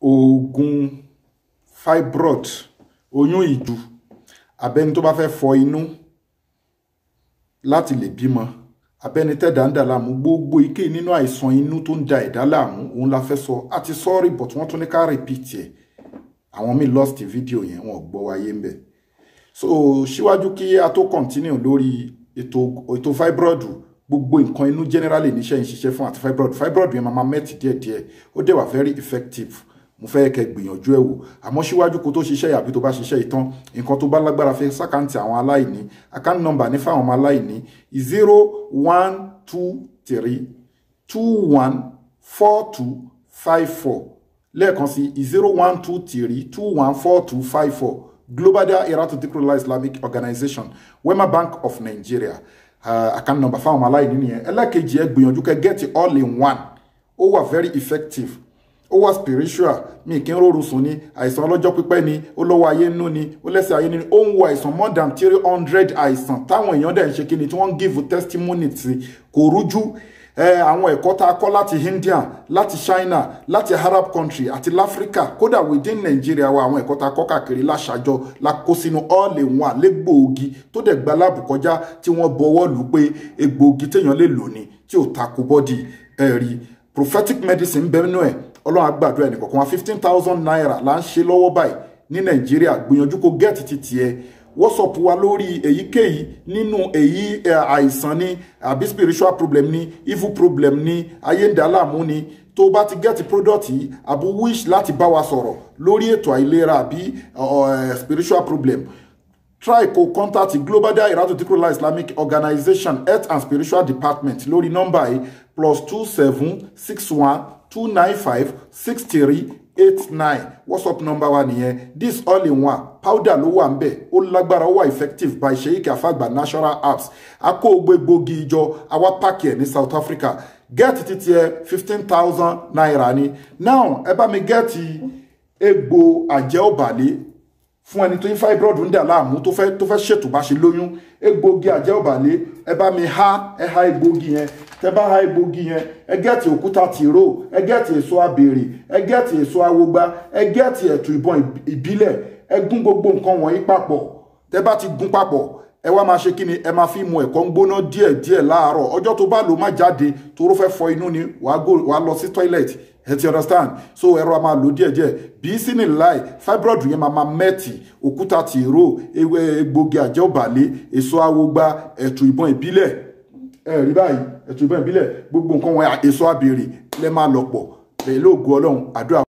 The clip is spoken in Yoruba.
oògùn fibroid oyún ìju abẹ́ni tó bá fẹ́ fọ inú láti lè bímọ abẹ́ni tẹ́dá ń dà láàmú gbogbo ike nínú àìsàn inú tó ń da ẹ̀dá láàmú òun la fẹ́ sọ àti sọ́ọ̀rì but wọ́n tún ní ká repeat ẹ̀ àwọn míì lost video yẹn wọn ò gbọ́ wáyé ń bẹ̀ so síwájú kí a tó continue lórí ètò ètò fibroid gbogbo nǹkan inú generally níṣẹ́ ń ṣiṣẹ́ fún àti fibroid fibroid yẹn máa mẹ́tì díẹ̀díẹ̀ ó dẹ̀ wà very effective mo fẹ́ kẹ́ gbìyànjú ẹ̀ wò àmọ́ síwájú kó tó ṣiṣẹ́ àbí tó bá ṣiṣẹ́ ìtàn nǹkan tó bá lágbára fi sákàǹtì àwọn aláìní account number ní fáwọn ọmọ aláìní zero one two three two one four two five four lẹ́ẹ̀kan sí zero one two three two one four two five four Global Dahiratu Dhikrlahi Islamic Organization Wema Bank of Nigeria uh, account number fáwọn ọmọ aláìní nìyẹn ẹlẹ́ẹ̀kejì ẹ gbìyànjú kẹ́ get all in one ó wà very effective ó wà spiritual mi kí n rọrùn sùn ni àìsàn ọlọ́jọ́ pípẹ́ ni ó lọ́wọ́ ayé nínú ni ó lẹ́sẹ̀ ayé nínú ó ń wo àìsàn more than three hundred àìsàn táwọn èèyàn dẹ̀ ń ṣe kíni tí wọ́n ń give testimony sí kò rújú àwọn ẹ̀kọ́ tá a kọ́ láti India láti China láti Arab country àti láfíríkà kódà within Nigeria wa àwọn ẹ̀kọ́ tá a kọ́ káàkiri láṣàjọ la kó sínú all in one légbòogi tó dẹ̀ gba láàbù kọjá tí wọ́n bọwọ́ lù pé egbòogi téèyàn lè lò ní tí ò takò bọ́dì ẹ̀rí prophetic medicine bẹ́ẹ̀ nú ẹ̀ ọlọ́run á gbàdúrà ẹnì wa fifteen thousand naira là ń ṣe lọ́wọ́ báyìí ní nàìjíríà gbìyànjú kó gẹ́ẹ̀tì ti tiẹ̀ whatsapp wa lórí èyíkéyìí nínú èyí àìsàn ni àbí spiritual problem ni evil problem ni ayé ń dà láàmú ni tó o bá ti gẹ́ẹ̀tì product yìí àbú wish láti bá wa sọ̀rọ̀ lórí ètò àìlera àbí spiritual problem try kó contact global dahiratu dhikrlahi islamic organization health and spiritual department lórí nọ́mbà yìí plus two seven six one two nine five six three eight nine whatsapp number wa nìyẹn this all in one powder ló wà nbẹ ó lágbára ó wà effective by sheik afagba natural apps akó ogbe gbòógì ìjọ awa páàkì ẹ ní south africa Get titi ẹ fifteen thousand naira ni now ẹ bá mi gẹ́ẹ̀tì egbò àjẹ́ òbàlẹ̀ fún ẹni tó ń fibroid ń dà láàmú tó fẹ́ tó fẹ́ ṣètò bá ṣe lóyún egbògi àjẹ́ òbàlẹ̀ ẹ bá mi há ẹ há egbògi yẹn tẹ bá ha egbògi yẹn ẹ gẹ́ẹ̀tì òkúta tìró ẹ gẹ́ẹ̀tì èso abèrè ẹ gẹ́ẹ̀tì èso awogba ẹ gẹ́ẹ̀tì ẹ̀tù ìbọn ìbílẹ̀ ẹ gún gbogbo nǹkan wọ̀nyí papọ̀ tẹ bá ti gún papọ̀ ẹ wá máa ṣe kí ni ẹ máa fi mu ẹ̀kọ́ ń gbóná díẹ̀ díẹ̀ láàárọ̀ ọjọ́ tó bá lò má jáde toró fẹ́ fọ inú ni wàá lọ sí toilet ẹ understand so ẹ̀rọ a máa lò díẹ̀ díẹ̀ bí sínú láì fibroid yẹn máa máa mẹ́ẹ̀tì òkúta tìró egbògi àjẹ́ òbàlẹ̀ èso awogba ẹ̀tù ìbọn ìbílẹ̀ ẹ rí báyìí ẹ̀tùbọ̀n ìbílẹ̀ gbogbo nǹkan wọn èso àbèrè lẹ́ máa lọ̀pọ̀ pẹ̀lú ògo ọlọ́run àdúrà.